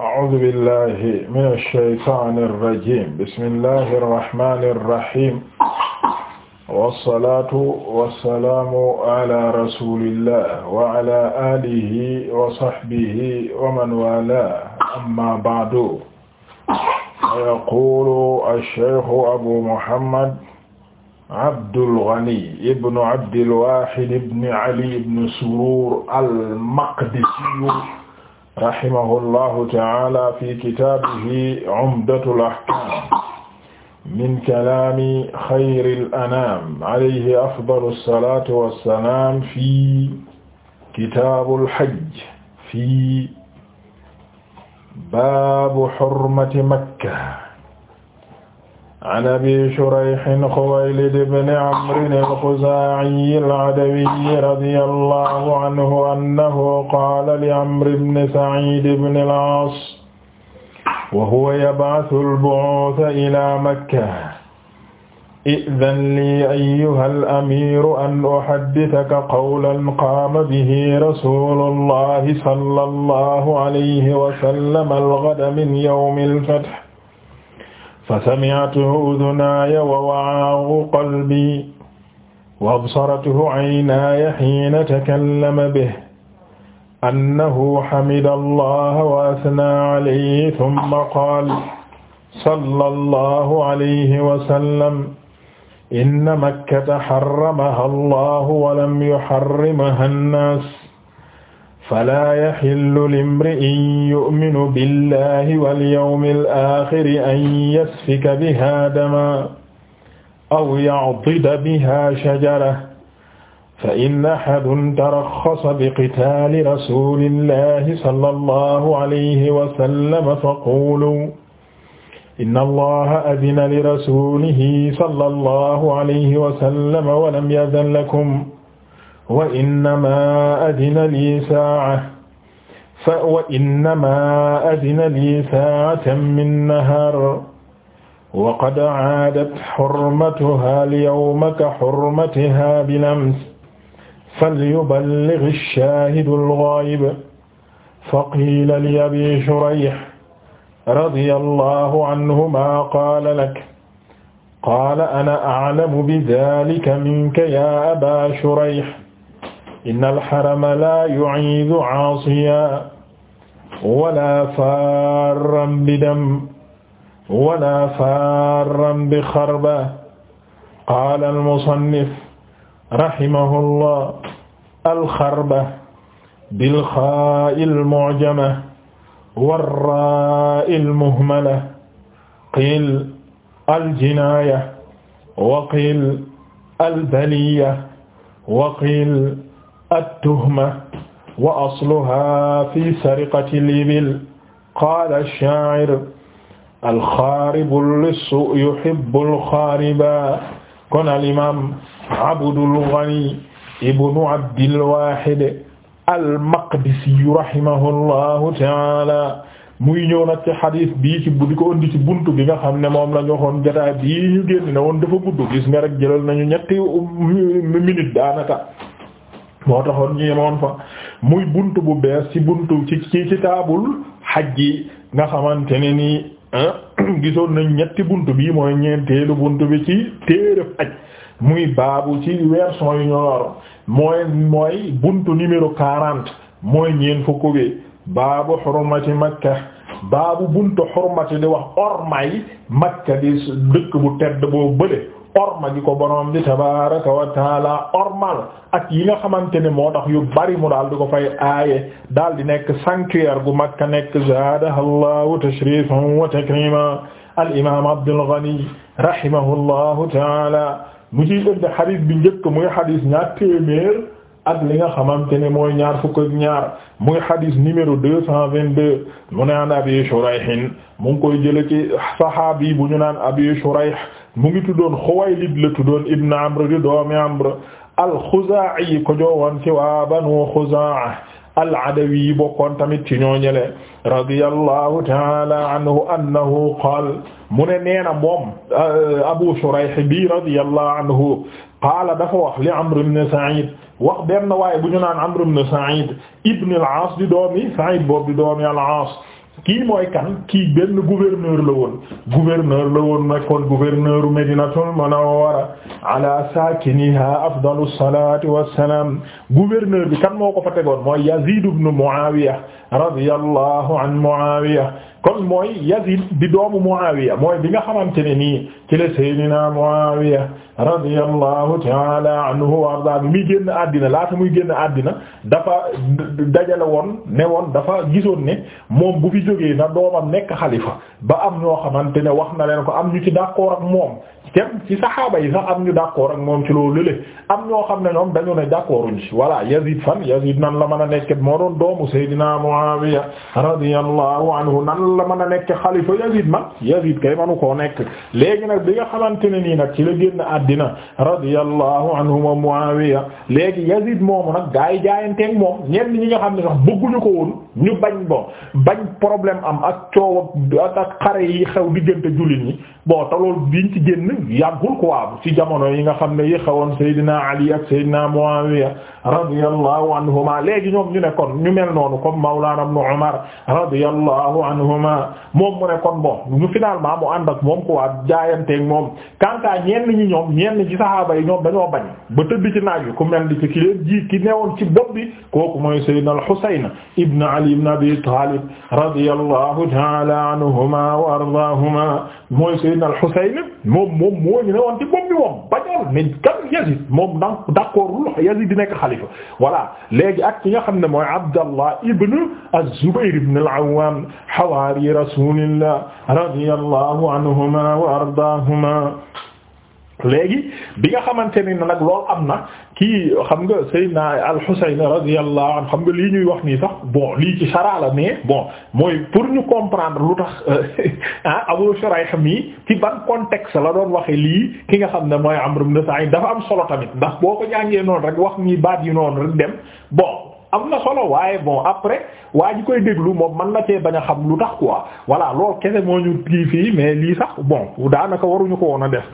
أعوذ بالله من الشيطان الرجيم بسم الله الرحمن الرحيم والصلاة والسلام على رسول الله وعلى آله وصحبه ومن والاه أما بعد يقول الشيخ أبو محمد عبد الغني ابن عبد الواحد ابن علي بن سرور المقدسي rahimahullahu ta'ala fi kitaabihi Umdatul Ahkaam min kalaami xayril anaam alayhi afdalu salaatu wa salaam fi kitaabul hajj fi baabu hurmati Makka an abi shurayhin xuwaylid ibn amrin al-xuzaa'i al-adawi radiyallahu anhu annahu qaala li amri ibn sa'iid ibn al-aas wa huwa yab'athu al-bu'uutha ilaa makka i'dhan lii ayyuha al-amiiru an uhaddithaka qawlan qaama bihi rasuulullahi sallallahu alayhi wa sallam al-ghadaa min yawmi al-fath fa sami'tuhu udunaaya wa wa'aahu qalbi wa absaratuhu aynaaya hiina takallama bihi annahu hamida allaha wa athnaa alayhi thumma qaala sallallahu alayhi wa sallam inna makkata harramaha allahu wa lam yuharrimha an-naas falaa yaxillu limri'in yu'minu billahi wal yawmil aaxiri an yasfika bihaa daman aw ya'dida bihaa shajaratan fa in ahadun taraxxasa biqitaali rasuulillahi sallallahu alayhi wa sallam faquuluu inna allaha adina lirasuulihi sallallahu alayhi wa sallam wa lam ya'zan lakum wa innama adina lii saa'a fa wa innama adina lii saa'atan min nahaar wa qad caadat xurmatuhaa al-yawma ka xurmatihaa bil-ams falyuballigh ash-shaahidu al-ghaa'ib faqiila li Abii Shurayh radiyallaahu canhumaa qaala lak qaala ana aclamu bidaalika minka yaa Abaa Shurayh inna alxarama la yu'iidu aasiya wala farran bi dam wala farran bi xarba qaala almusannif rahimahullah alxarba bilxaa'i almu'jama warraa'i almuhmala qiil aljinaaya wa qiil albaliya wa qiil at-tuhma wa asluha fi sariqati al-ibil qaala ash-sha'ir al-xaaribu lissu yuhibbu al-xaariba kon al-imaam Abdul Ghani ibnu Abdil Waahid al-Maqdisi rahimahullahu ta'aala muy ñëw nag ci xadis bii ci di ko indi ci buntu bi nga xam ne moom la ñu waxoon jotaay bii ñu génn ne woon dafa gudd gis nga rek jëlal nañu ñetti minute daanaka. moo taxoon ñu yemoon fa muy buntu bu bees ci bunt ci ci kitaabul xaj yi nga xamante ne nii gisoon nañ ñetti bunt bi mooy ñeenteelu bunt bi ci téere aj muy baabu ci version yu ñoo war mooy mooy buntu numéro quarante mooy ñeen fukk bi baabu xurmati makka baabu buntu xurmati di wax ormay makka di dëkk bu tedd boo bële orma gi ko borom bi tabaaraka wa taala ormal ak yi nga xamante ne moo tax yu bari mu daal di ko fay aaye daal di nekk sanctuaire gu Makka nekk zaadahallahu tashrifan wa takrima al imaam Abdul Ghani rahimahullahu taala mu ciy ënd xadis bi njëkk muy xadis ñaar téeméer ak li nga xamante ne mooy ñaar fukk ak ñaar muy xadis numéro deux cent vingt-deux mu naan Abi Shurayh mu ngi koy jële ci saxaabi bu ñu naan Abi mu ngi tuddoon Xuwaylid la tuddoon ibn Amr di doomi Amr al-Xuzaa'i ko joowoon ci waa Banu Xuzaa'a al-Adawi bokkoon tamit ci ñooñele radiyallahu ta'ala anhu annahu qaala mu ne neena moom euh, Abu Shurayh bi radiyallahu anhu qaala dafa wax li Amr ibn Sa'id wax benn waaye bu ñu naan Amr ibn Sa'id ibn al-Aas di doomi Sa'id boobu di doomi al-Aas kii mooy kan kii benn gouverneur la woon gouverneur la woon nekkoon gouverneur Medinatul Munawwara ala sakiniha afdalu salati wassalam gouverneur bi kan moo ko fa tegoon mooy Yazid ibn Muawiya radiyallahu an Muawiya kon mooy Yazid di doomu Muawiya mooy bi nga xamante ne nii ci la Seydina Muawiya radiyallahu ta'ala anhu wa arda bi muy génn àddina laata muy génn àddina dafa dajale woon ne woon dafa gisoon ne moom bu fi jógee na doomam nekk xalifa ba am ñoo xamante ne wax na leen ko am ñu ci d'accord ak moom tem ci saxaaba yi sax am ñu d'accord ak moom ci loolu lële am ñoo xam ne ñoom dañu ne d'accorduñ ci voilà Yazid fan Yazid nan la mën a nekk moo doon doomu Seydina Muawiya radiyallahu anhu nan la mën a nekk xalifa Yazid man Yazid kay manu koo nekk léegi nag bi nga xamante ne nii nag ci la génn àddina radiyallahu anhuma Muawiya léegi Yazid moomu nag gaa yi jaayanteeg moom ñenn ñi nga xam ne sax bëgguñu ko woon ñu bañ boo bañ problème am ak coow ak ak xare yi xew diggante jullit ñi boo te loolu biñ ci génn yàggul quoi ci jamono yi nga xam ne yi xewoon Seydina Ali ak Seydina Muawiya radiyallahu anhuma léegi ñoom ñu ne kon ñu mel noonu comme Mawlana Ibn Umar radiyallahu anhuma moom mu ne kon bon ñu finalement mu ànd ak moom quoi jaayanteeg moom kantaa ñenn ñi ñoom ñenn ci saxaaba yi ñoom dañoo bañ ba tëdd ci naaj wi ku mel ni ci ki leen ki newoon ci bi kooku mooy Seydina al Ali ibn Abi Talib radiyallahu ta'ala anhuma wa ardaahuma mooy Sayyidina al-Husayn moom moom moo ñu ne woon ci bopp bi moom bañoon nañ kan Yazid moom donc d'accord Yazid di nekk xalifa voilà léegi ak ki nga xam ne mooy Abdallah ibn az-Zubayr ibn al-Awwam hawaari rasulillah radiyallahu anhuma wa ardaahuma léegi bi nga xamante ni na nag lool am na kii xam nga Seydina al-Husayn radiyallahu anhu xam nga lii ñuy wax nii sax bon lii ci chara la mais bon mooy pour ñu comprendre lu tax ah Abu Shurayh mi ci ban contexte la doon waxee lii ki nga xam ne mooy Amr ibn Sa'id dafa am solo tamit ndax boo ko jàngee noonu rek wax nii baat yi noonu rek dem bon. am na solo waaye bon après waa ji koy déglu moom man na cee bañ a xam lu tax quoi voilà loolu kese moo ñu kii fii mais lii sax bon daanaka waruñu ko woon a def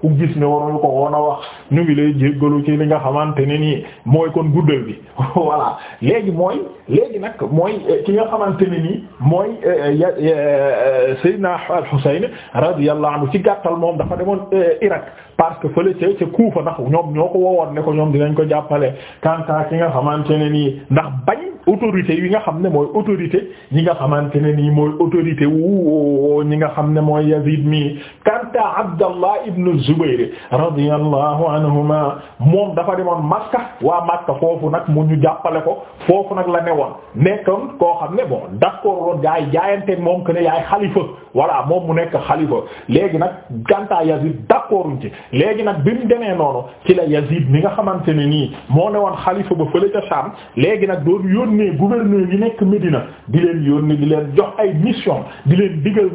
ku gis ne waruñu ko woon a wax ñu ngi lay jéggalu ci li nga xamante ne nii mooy kon guddal bi voilà léegi mooy léegi nag mooy euh, ki nga xamante ne nii mooy euh, euh, Seydina al-Husayn radiyallahu anhu ci gàttal moom dafa demoon Irak parce que fële ca ca Kufa ndax ñoom ñoo ko woowoon ne ko ñoom dinañ ko jàppale kanta ki nga xamante ne nii ndax bañ autorité yi nga xam ne mooy autorité ñi nga xamante ne nii mooy autorité wu ñi nga xam ne mooy Yazid mi kanta Abdallah ibn Zubayr radiyallahu anhuma moom dafa demoon Makka waa Makka foofu nag mu ñu jàppale ko foofu nag la ne woon nekkoon koo xam ne bon d'accord woon gaa yi jaayante moom que ne yaay xalifa voilà moom mu nekk xalifa léegi nag kanta Yazid d'accord ci léegi nag bi mu demee noonu ci la Yazid mi nga xamante ne nii moo woon xalifa ba fële ca Sham léegi nag doon yónni yónnee gouverneur yi nekk Médina di leen yónnee di leen jox ay mission di leen digal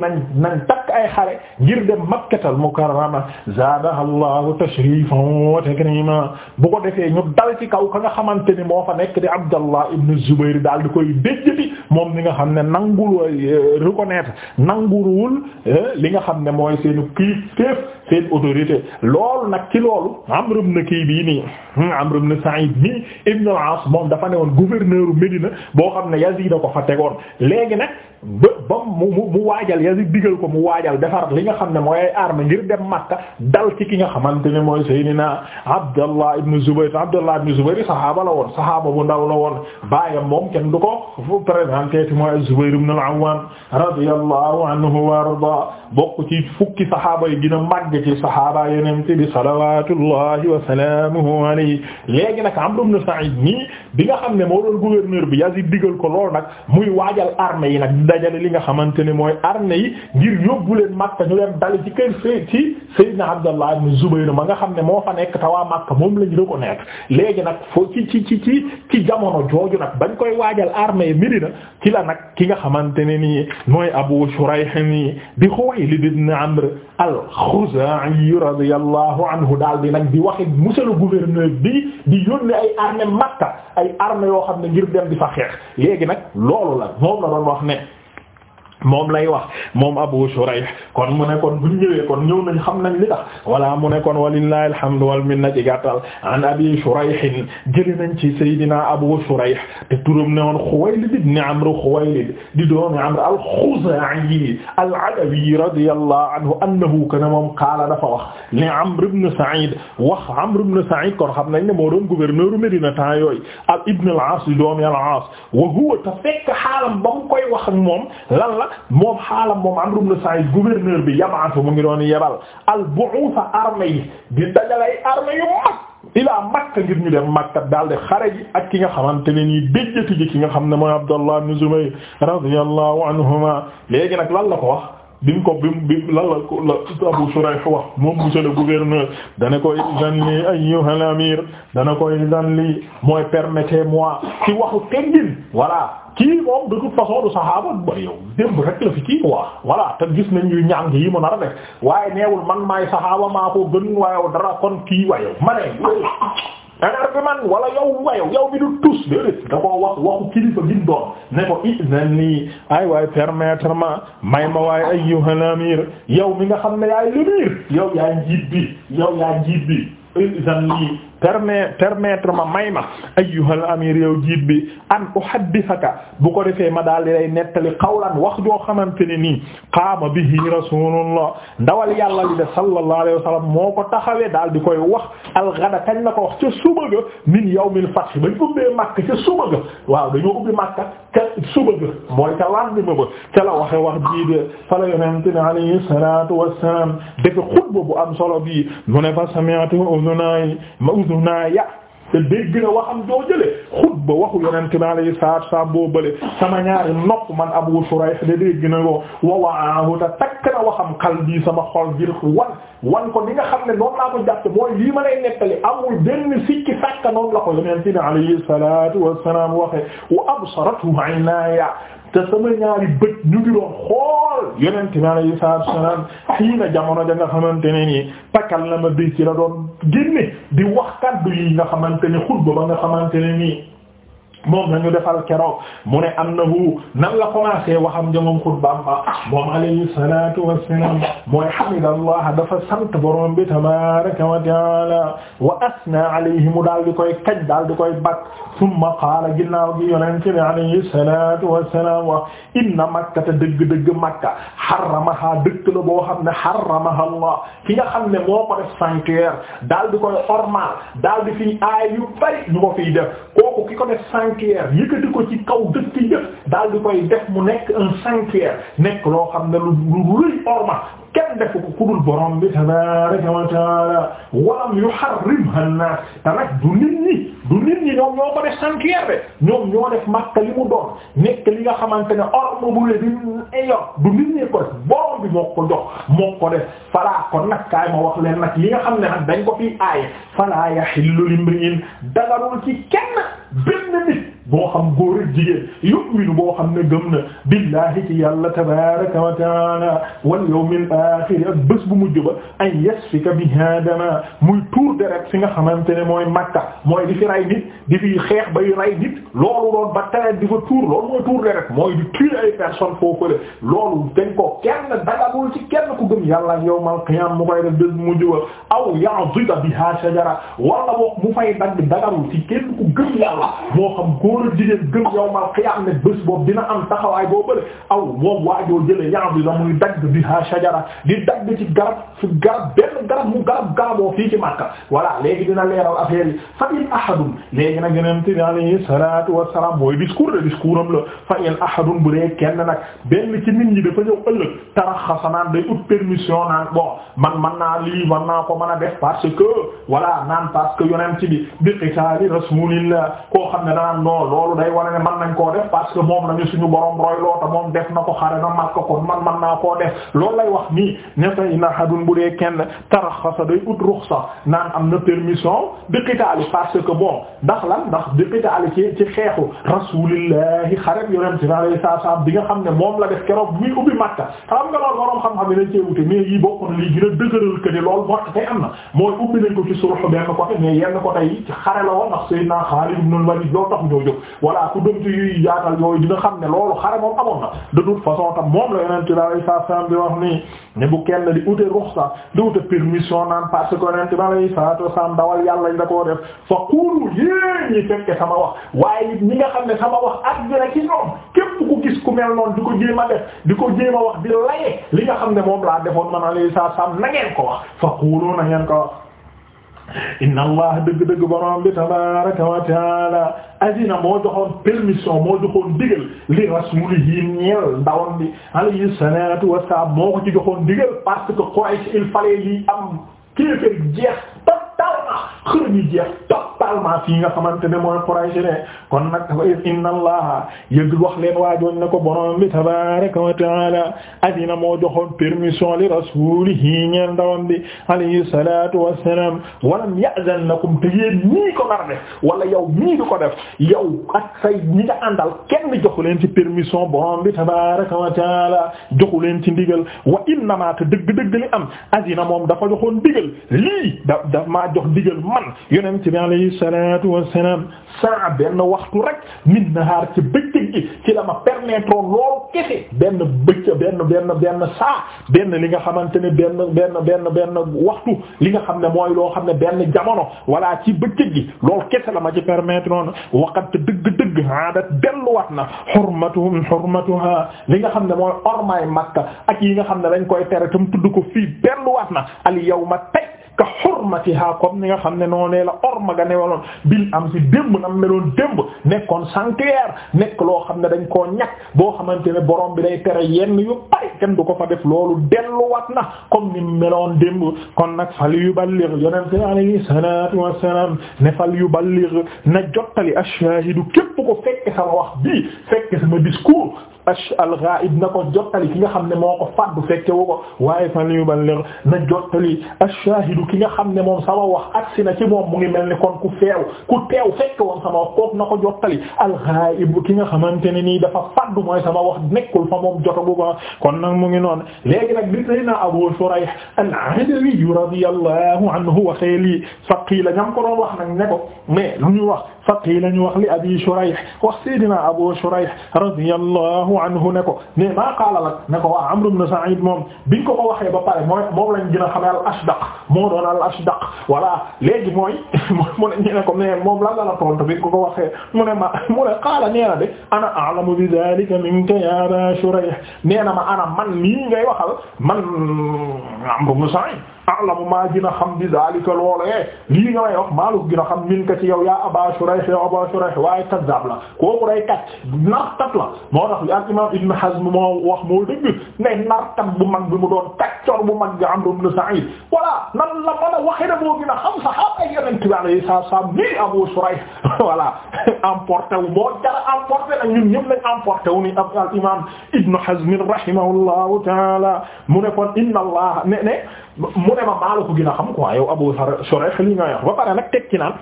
nañ ay xare ngir dem makkatal mukarrama zaadaha allahu tashrifan wa ma bu ko defee ñu dal ci kaw ka nga xamante ni moo fa nekk di abdallah ibn zubayr daal di koy déjjati moom li nga xam ne nangul euh, reconnaître nangulwul euh, li nga xam ne mooy seenu kilifteef seen autorité loolu nag ci loolu amr ibn kii bii nii hmm, amr ibn sa'id nii ibn al-aas moom dafa ne woon gouverneur Médina boo xam ne Yazid da ko fa tegoon léegi nag ba mu waajal Yazid digal ko mu waajal waajal defar li nga xam ne mooy ay arme ngir dem Makka dal ci ki nga xamante ne mooy Seydina Abdallah ibn Zubayr Abdallah ibn Zubayr saxaaba la woon saxaaba bu ndaw la woon baayam moom kenn du ko présenté mooy Zubayr ibn al-Awwam radiyallahu anhu wa arda bokk ci fukki saxaaba yi gën a màgg ci saxaaba yeneen bi salawaatullahi wa salaamuhu alayhi léegi nag Amr ibn Sa'id nii bi nga xam ne moo doon gouverneur bi Yazid digal ko lool nag muy waajal armée yi nag dajale li nga xamante ne mooy armée yi ngir yóbbu leen Makka ñu leen dale ci kër s ci Sayyidina Abdallah ibn Zubayr ma nga xam ne moo fa nekk te waa Makka moom lañu da ko nekk léegi nag foo ci ci ci ci ci jamono jooju nag bañ koy waajal armée yi Medina ci la nag ki nga xamante ne nii mooy Abu Shurayh Suhayl ibn Amr al-Khuzaa'i radiyallahu anhu daal di nag di waxi monsieur le gouverneur bi di yónni ay armée Makka ay armée yoo xam ne ngir dem di fa xeex léegi nag loolu la moom la wax ne moom lay wax moom Abu Shurayh kon mu ne kon buñ ñëwee kon ñëw nañ xam nañ li tax wala mu ne kon walillahi alhamdu wal minna ci gàttal an Abi Shurayh jëlee nañ ci Seydina Abu Shurayh te turam ne woon Xuwaylid ibn Amr Xuwaylid di doomi Amr al-Xuzaa'i al-Adawi radiyallahu anhu annahu kana moom qaala dafa wax li Amr ibn Sa'id wax Amr ibn Sa'id kon xam nañ ne moo doon gouverneur Médina temps yooyu al ibn al-Aas di doomi al-Aas wa huwa ta fekk xaalam ba mu koy wax ak moom lan la moom xaalam moom Amr ibn Sa'id gouverneur bi yab'athu mu ngi doon yebal al bu'utha armée yi di dajalay armée yu mag ilaa Makka ngir ñu dem Makka daal di xare ji ak ki nga xamante ne nii déjjati ji ki nga xam ne mooy Abdallah ibn Zubayr radiyallahu anhuma léegi nag lan la ko wax bi ko bi mu bi la la Abu Shurayh wax moom monsieur le gouverneur dana koy zanli ayyuhal amir dana koy zanli mooy permettez-moi ci waxu teggin voilà kii moom de toute façon du saxaaba ba yow démb rek la fi kii quoi voilà te gis nañ ñuy ñàng yi mu nar a waaye neewul man maay saxaaba maa ko gën waaye dara kon kii waaye ma ne bi man wala yow wayow yow bi du tus déedéet da koo wax waxu kilifa gin doon ne ko izan nii ay waay permettre ma may ma waay ayyuhal amir yow mi nga xam ne yaay lemir yow yaa njiit bi yow yaa njiit bi izan nii permet permettre ma may ma ayyuhal amir yow jiit bi an uhaddithaka bu ko defee ma daal di lay nettali qawlan wax joo xamante ne nii qaama bihi rasulullah ndawal yàlla li de sallallahu alayhi wa sallam moo ko taxawee daal di koy wax alxada kañ la ko wax ca suba ga min yawmil fath bañ ubbee Makka ca suba ga waaw dañoo ubbi Makka ca suba ga mooy ca lendemain ba ca la waxe wax jii de fa la yonente alayhi salatu wassalam dafa xutba bu am solo bi mu ne fa sami'tu udunay uznaaya te dégg na waxam doo jële xutba waxu yonente bi alayhi salaatu salaam boo bële sama ñaari nopp man Abu Shurayh da dégg na ko wa waahu te takk na waxam qalbi sama xol ngir wan wan ko ni nga xam ne noonu laa ko jàppe mooy lii ma lay nettali amul benn sikki sàkka noonu la ko yonente bi alayhi salaatu wassalaam waxe wa absaratu aynaya te sama ñaari bët ñu ngi doon xool yonent bi alayhi salaatu wassalaam xii na jamono ja nga xamante ne nii pakal la ma bi ci la doon génne di wax kàddu yi nga xamante ne xutba ba nga xamante ne nii moom nañu defal keroog mu ne annahu nan la commencé waxam ja moom xutbaam ba moom alayhi salatu wassalam mooy hamidallah dafa sant borom bi tabaraka wa taala wa asna alayhi mu daal di koy kaj daal di koy bakk summa qaala ginnaaw gi yonente bi alayhi salatu wassalam wa inna makkata dëgg-dëgg makka harramaha dëkk la boo xam ne harramaha allah ki nga xam ne moo ko def sanctuaire daal di koy ormal daal di fiy aay yu bari ñu ko fiy def kooku ki ko def sanctuaire yëkkati ko ci kaw dëkk yëpp daal di koy def mu nekk un sanctuaire nekk loo xam ne lu lu rëy orma kenn defu ko ku dul borom bi tabaraka wa taala walam yuharrimha an-nas te nag du nit ñi du nit ñi ñoom ñoo ko def sanctuaire de ñoom ñoo def Makka li mu doon nekk li nga xamante ne orme bu le di yor du nit ñi ko def borom bi moo ko jox moo ko def falaa kon nag kaay ma wax leen nag li nga xam ne nag dañ ko fi aaye falaa yahillu limri'in dagarul ci kenn benn nit xam góor ak jigéen yu'minu boo xam ne gëm na billahi ci yàlla tabaraka wa taala wal yawmil aaxir ak bés bu mujj ba ay yasfika biha dama muy tuur deret fi nga xamante ne mooy Makka mooy di fi rey nit di fi xeex bay rey nit loolu doon ba di fa tuur loolu mooy tuur deret mooy di tuer ay personnes foofu la loolu dañ ko kenn dagalul ci kenn ku gëm yàlla yawmal qiyaam mu koy mu bés bu mujj ba aw ya'dida biha shajara wala mu fay dagg dagalul ci yàlla moo xam góor a jigéen gëm yawmal ne bés boobu dina am taxawaay boo bële aw moom waajoo jële ñaam bi la muy dagg bi ha shajara dagg ci garab benn garab mu garab garaboo fii ci Makka wala léegi dina leer affaire yi fa in ahadun léegi nag yeneen ti alayhi salaatu wassalaam mooy discours le discours am la fa bu dee kenn nag benn ci nit ñi dafa ñëw ëllëg taraxasa naan day ut permission naan bon man man naa lii man naa ko mën a def parce que voilà naan parce koo xam ne danaan non loolu day wane ne mën nañ koo def parce que moom nañu suñu borom roy loota moom def na ko xare na mat ko kon man mën naa koo def loolu lay wax nii ne fay na xadun bu dee kenn taraxasa day ut sa naan am na permission dëkkitaali parce que bon ndax lan ndax dëkkitaali ci ci xeexu rasulillahi xaret yonente bi alayhi salaam bi nga xam ne moom la def keroog muy ubbi Makka xam nga loolu borom xam-xam yi dañ cee wute yi bokk na lii gën a dëgëral que ne loolu bokk na mooy ubbi nañ ko ci surux ñun ma ñoo tax ñoo jóg voilà ku dëmt yuy yaatal yooyu dina xam ne loolu xare moom amoon na de toute façon tam moom la yonent bi saa saam bi wax nii ne bu kenn di ute ruxsa di ute permission naan parce que dawal yàlla ñu da koo def fa kuulu yéen ñi fekke sama wax waaye ñi nga xam ne sama wax ak dina ci ñoom képp ku gis ku mel noonu di ko jéem a def di ko jéem wax di laye li nga xam ne moom laa defoon man alayhi salaam na ngeen ko wax fa kuulu na ngeen ko wax inna allah dëgg-dëgg borom bi tabaraka wa taala azina moo joxoon permission moo joxoon digal li rasulihi ñeel ndawam bi alayhi salatu wasalaam moo ko ci joxoon digal parce que Quraysh il fallait li am kéefër jeex totalement xër ñu jeex totalement fii nga xamante ne mooy Quraysh ne kon nag inna allaha yëg wax leen waajoon ne ko borom bi tabaraka wa taala adina moo joxoon permission li rasulihi ñeen ndawam bi alayhi salatu wassalam walam ya'zan lakum te yéen nii ko nar def wala yow nii du ko def yow ak say ñi nga àndal kenn joxu leen ci permission borom bi tabaraka wa taala joxu leen ci ndigal wa innama te dëgg-dëgg li am adina moom dafa joxoon ndigal lii da maa jox digal man yonent bi alayhi salatu wassalam saa benn waxtu rek min nahaar ci bëccëg gi ci la ma permettre loolu kese benn bëccëg benn benn benn saa benn li nga xamante ne benn benn benn benn waxtu li nga xam ne mooy loo xam ne benn jamono walla ci bëccëg gi loolu kese la ma ci permettre noonu waqat dëgg-dëgg aadat delluwaat na xurmatuhum xurmatuha li nga xam ne mooy ormaay Makka ak yi nga xam ne dañ koy tere tam tudd ko fii delluwaat na al yawma tey ka hurmatiha comme ni nga xam ne noonee la orma ga newaloon bil am si démb nam meloon démb nekkoon sanctuaire nekk loo xam ne dañ koo ñàkk boo xamante ne borom bi day tere yenn yu bari kenn du ko fa def loolu delluwaat na comme ni meloon démb kon nag fal yuballigh yonente alayhi salatu wassalam ne fal yuballigh na jottali ashaahidu képp ko fekk sama wax bi fekk sama discours al-ghaib na ko jottali ki nga xam ne moom ko fàddu fekke wu ko waaye fan yuballigh na jottali ash-shahidu ki nga xam ne moom sama wax agsi na ci moom mu ngi mel ni kon ku feew ku teew fekke woon sama wax kooku na ko jottali al-ghaib ki nga xamante ne nii dafa fàddu mooy sama wax nekkul fa moom jotagu ko kon nag mu ngi noon léegi nag di sayna Abu Shurayh al-Adawi radiyallahu anhu waxee lii faqiila ñam ko doon wax nag ne ko mais lu ñu wax faqiila ñu wax li abi Shurayh wax Seydina Abu Shurayh radiyallahu anhu ne ko ne maa qaala lak ne ko waa Amr ibn Sa'id moom biñ ko ko waxee ba pare mooy moom lañ gën a xamee al ashdaq moo doon al ashdaq voilà léegi mooy mu ne ñu ne ko mais moom lan la la tontu biñ ko ko waxee mu ne ma mu ne qaala nee na de ana a'lamu bi dhalika minka ya Aba Shurayh nee na ma ana man nii ngay waxal man Amr ibn Sa'id a'lamu maa gën a xam bi zalika loolee lii nga may wax maa lu gën a yow yaa Aba Shurayh yaa Aba Shurayh waaye kazzab narkat la moo tax li ak Ibn Hazm wax moo dëgg ne narkat bu mag bi mu doon kàccor bu mag bi Amr ibn Sa'id voilà nan la mën a waxee ne moo gën a xam saxaaba Yonent bi alayhi salaam nii Abu Shurayh voilà emporté wu moo jara emporté nag Ibn Hazm rahimahullahu ta'ala mu ne kon Allah ne ne mu ne ma maa la ko gën a xam Abu Shurayh li nga ba pare nag teg ci naan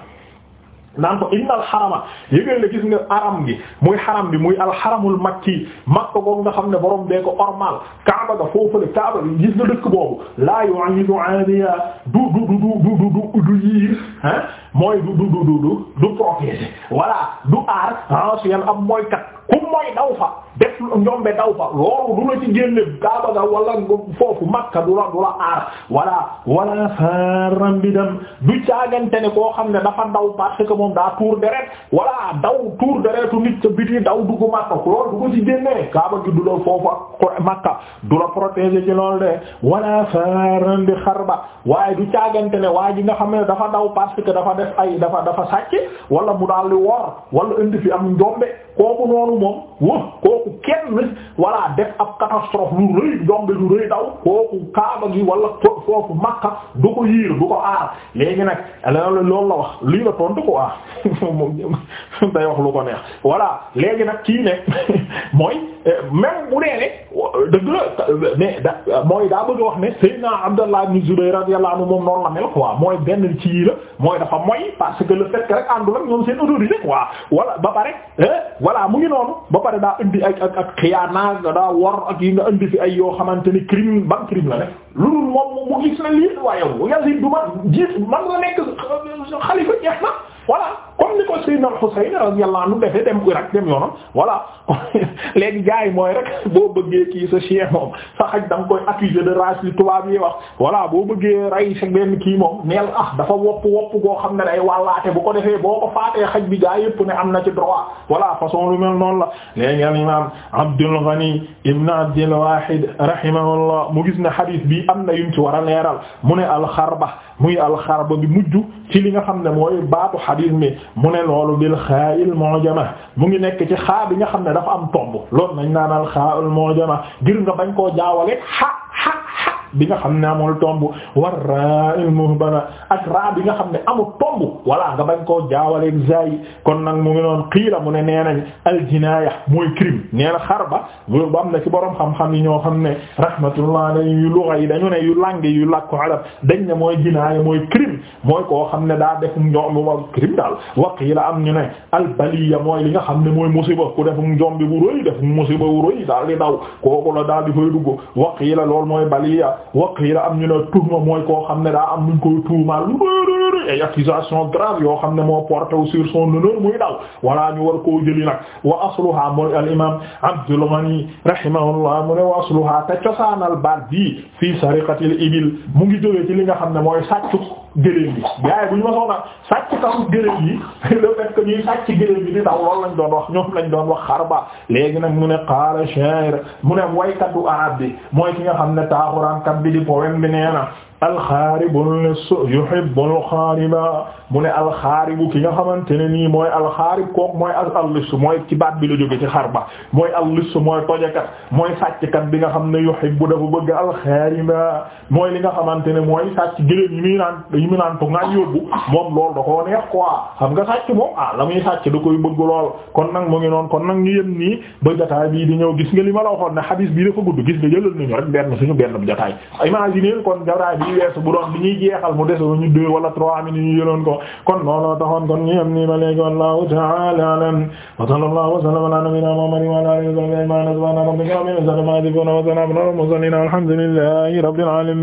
naan ko innal xarama yëgal ne gis nga aram gi muy xaram bi muy alxaramul makki makka boobu nga xam ne borom bee ko ormal kaaba ga foofule kaaba gi gis nga dëkk boobu laa yu'idu aaniya du du du du du du du yiir ah mooy du du du du du du du aar ancien ab mooykat ku mooy daw fa def njombe daw fa loolu du la ci génne kaaba ga wala foofu makka du la du la aar wala wala faram bi dem du caagante ne koo xam ne dafa daw parce que moom daa tuur deret wala daw tuur deretu nit ca biti daw duggu makka loolu du ko ci génne kaaba gi du la foofa makka du la protéger ci loolu de wala faram bi xarba waaye du caagante ne waa ji nga xam ne dafa daw parce que dafa def ay dafa dafa sàcc wala mu daal di wor wala indi fi am njombe kooku noonu kooku moom woo kooku kenn walla def ab catastrophe lu rëy jonge lu rëy daw kooku kaaba gi wala foofu makka du ko yiir du ko aar léegi nag loolu la wax lii la tontu ko ah moom day wax lu ko neex voilà léegi nag kii ne mooy eh, même mu dee ne la da mooy daa bëgg wax ne Seydina Abdallah ibn Zubayr radiyallahu moom noonu la mel quoi mooy benn ci yi la mooy dafa moy parce que le fait rek àndul ak ñoom seen autorité quoi wala ba pare eh, voilà mu ngi noonu ba pare daa indi ak ak ak xiyaanaag daa war ak yi nga indi fi ay yoo xamante ni crime ban la ne lu dul moom mu gis na lii waaye yow Yazid du jiit man nga nekk xalifa jeex na voilà comme ni ko Sayyidna Husayn radiyallahu anhu defee dem Irak dem léegi gars yi mooy rek boo bëggee kii sa chien xaj da nga koy accuser de race li tubaab yi wax wala boo bëggee rey sa benn kii moom neel ah, dafa wopp wopp goo xam ne day wàllaate bu ko defee boo ko faatee xaj bi gaa yëpp ne am na ci droit wala façon lu mel noonu la léegi al imam Abdul Ghani ibn Abdul Wahid rahimahullah mu gis ne hadith bi am na yuñ ci war a mu ne al xarba muy alxarba bi mujj ci li nga xam ne mooy baatu xadiis mi mu ne loolu bi xaa'il mu'jama mu ngi nekk ci xaa bi nga xam ne dafa am tomb loolu nañ naan alxaa'il mu'jama ngir nga bañ koo jaawale xa bi nga xam ne amul tomb war ra il muhbana ak bi nga xam ne amul tomb walla nga bañ koo jaawaleeg zayi kon nag mu ngi noon xiila mu ne nee nañ al jinaaya mooy crime nee na xar ba loolu am na ci borom xam-xam yi ñoo xam ne rahmatullah alayhi yu luga yi dañu ne yu langue yu làkku arab dañ ne mooy jinaaya mooy crime mooy koo xam ne daa defum ñoom wa crime daal wa qiila am ñu ne al baliya mooy li nga xam ne mooy musiba ku defum jombi bu rëy defum musiba bu rëy daal di daw kooku la daal di fay dugg wa lool mooy baliya wa la am ñu ne tuhma mooy koo xam ne daa am luñ koy tuumaal lu mooy ay a grave yoo xam ne moo porté sur son honneur muy daw wala ñu war koo jëli nag wa asluha mooy al imam Abdul Ghani rahimahullah mu ne wa asluha te cosaanal baat bi fii sariqatil ibil mu ngi jógee ci li nga xam ne mooy sàccu gëléem bi gars yi bu ñu ma soxla sàcc taxul gëléem yi le fait que ñuy sàcc di taw loolu lañ doon wax ñoom lañ doon wax xarba léegi mu ne qaala sha'ir mu ne a arab bi mooy ki nga xam ne taaxuraankat bi di poème bi nee alxaaribun lis yuhibbul xaariba mu ne alxaaribu ki nga xamante ne nii mooy alxaarib kook mooy al allis mooy ci baat bi la jóge ci xar ba mooy allis mooy tojekat mooy sàcckat bi nga xam ne yuhibbu dafa bëgg alxaariba mooy li nga xamante ne mooy sàcc gëléem yi muy naan yi muy naan ko moom loolu da koo xam nga sàcc moom ah la muy sàcc da koy bëgg lool kon nag mu ngi noonu kon nag ñu yem nii ba jotaay bii di ñëw gis nga li ma la waxoon ne xadiis bii dafa gudd gis nga jëlal nañu rek benn suñu benn jotaay imaginer kon jotaay bi yi weesu bu doon bi ñuy jeexal mu dese ñu deux wala trois minutes ñu yëloon ko kon looloo taxoon kon ñu am ni ba léegi wallahu ta'ala a'lam wa sallallahu wa sallama ala nabiyyina muhammadin wa ala alihi wa sahbihi ajma'in subhana rabbika rabbil izzati amma yasifun wa salamun ala al mursalin alhamdulillahi rabbil alamin